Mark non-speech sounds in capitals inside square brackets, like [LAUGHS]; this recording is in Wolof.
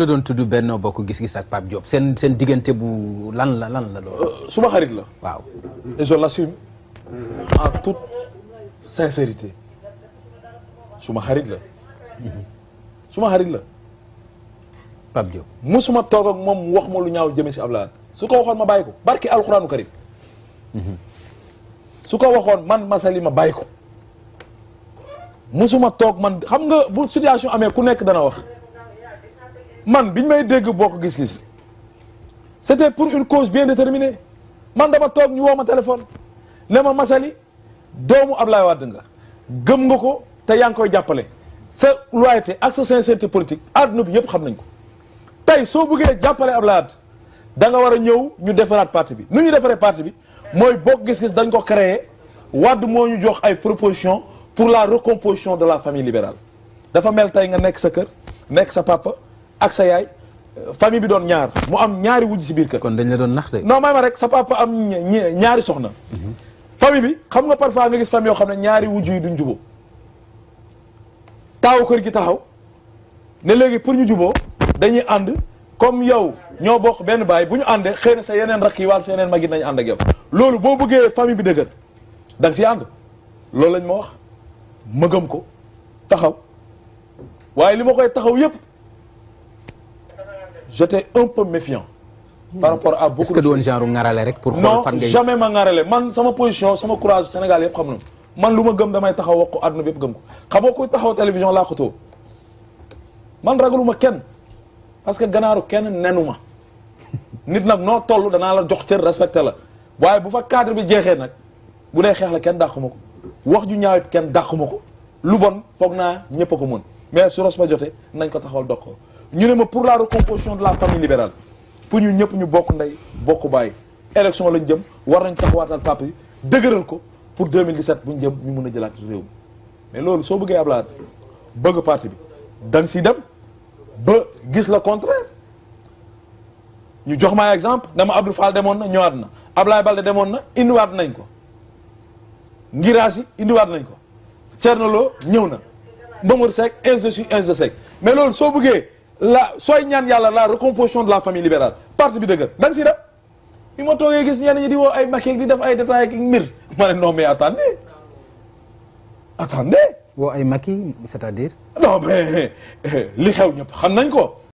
la doon tudd Benno Bokk Gis-Gis ak Pape Diop seen seen diggante bu lan la lan la lool. Euh, suma xarit la. waaw et je l'assume en toute sincérité suma xarit la. Mhm. suma xarit la. Pape Diop musuma toog ak moom wax ma lu ñaaw jëme si Ablaye su ko waxoon ma bàyyi ko barki alxuraanu karim. Mhm. su ko waxoon man masali ma bàyyi ko musuma toog man xam nga bu situation amee ku nekk dana wax. man biñ may dégg bokk gis-gis c'était pour une cause bien déterminée man dama toog ñu woo ma téléphone ne ma Massaly doomu Ablaye Wade nga gëm nga ko te yaa ngi koy jàppale sa loyauté ak sa sincérité politique àdduna bi yëpp xam nañ ko tey soo bëggee jàppale Ablaye Wade da nga war a ñëw ñu defaraat parti bi nu ñu defaree parti bi mooy bokk gis-gis dañ ko créer wadd moo ñu jox ay proposition pour la recomposition de la famille libérale dafa mel tey nga nekk sa kër nekk sa papa ak sa yaay euh, famille bi doon ñaar mu am ñaari wujj si biir kër. kon dañ la doon nax de. non may ma rek sa papa am ñaari soxna. Mhm. famille bi xam nga parfois nga gis famille yoo xam ne ñaari wujj yi duñ juboo taawu kër gi taxaw ne léegi pour ñu juboo dañuy ànd comme yow ñoo bokk benn baay bu ñu àndee xëy na sa yeneen rakk yi wàll sa yeneen mag yi nañu ànd ak yow. loolu boo bëggee famille bi dëgër da si siy ànd loolu lañ ma wax mëgam ko taxaw waaye li ma koy taxaw yëpp. j'étais un peu méfiant. par hmm. rapport a beaucoup de choses est woon genre ngarale rek pour xool fan ngay non jamais ma ngarale man sama position sama courage Sénégal yëpp xam na man lu ma gëm damay taxaw wax ko àdduna bi yëpp gëm ko xamoo nga kuy taxaw télévision laa ko too man ragaluma kenn parce que ganaaru kenn nenu ma [LAUGHS] nit nag noo toll danaa la jox cër respecté la waaye bu fa cadre bi jeexee nag bu dee xeex la kenn dàquma ko wax ju ñaawit kenn dàquma ko lu bon foog naa ñëpp ko mën mais su ros jotee nañ ko taxawal dox ñu ne ma pour la recomposition de la famille libérale pour ñu ñëpp ñu bokk ndey bokk bàyyi élection lañ jëm war nañ taxawaatal papa yi dëgëral ko pour 2017 bu ñu jëm ñu mën a jëlaat réew mi mais loolu soo bëggee bi danga si dem ba gis la contraire jox ma exemple dama Abdou demoon na ñëwaat na Ablaye Balde demoon na indiwaat nañ ko Ngiraasi indiwaat nañ ko Thierno Lo ñëw na de suite ainsi de suite mais loolu soo bëggee la sooy ñaan yàlla la recomposition de la famille libérale parti bi dëgër da nga si da bi ma toogee gis ñenn ñi di woo ay makeeg di def ay détails ak mbir ma ne non mais attendez attendez woo ay maki c'est-à-dire non [LAUGHS] li xew ñëpp xam nañ ko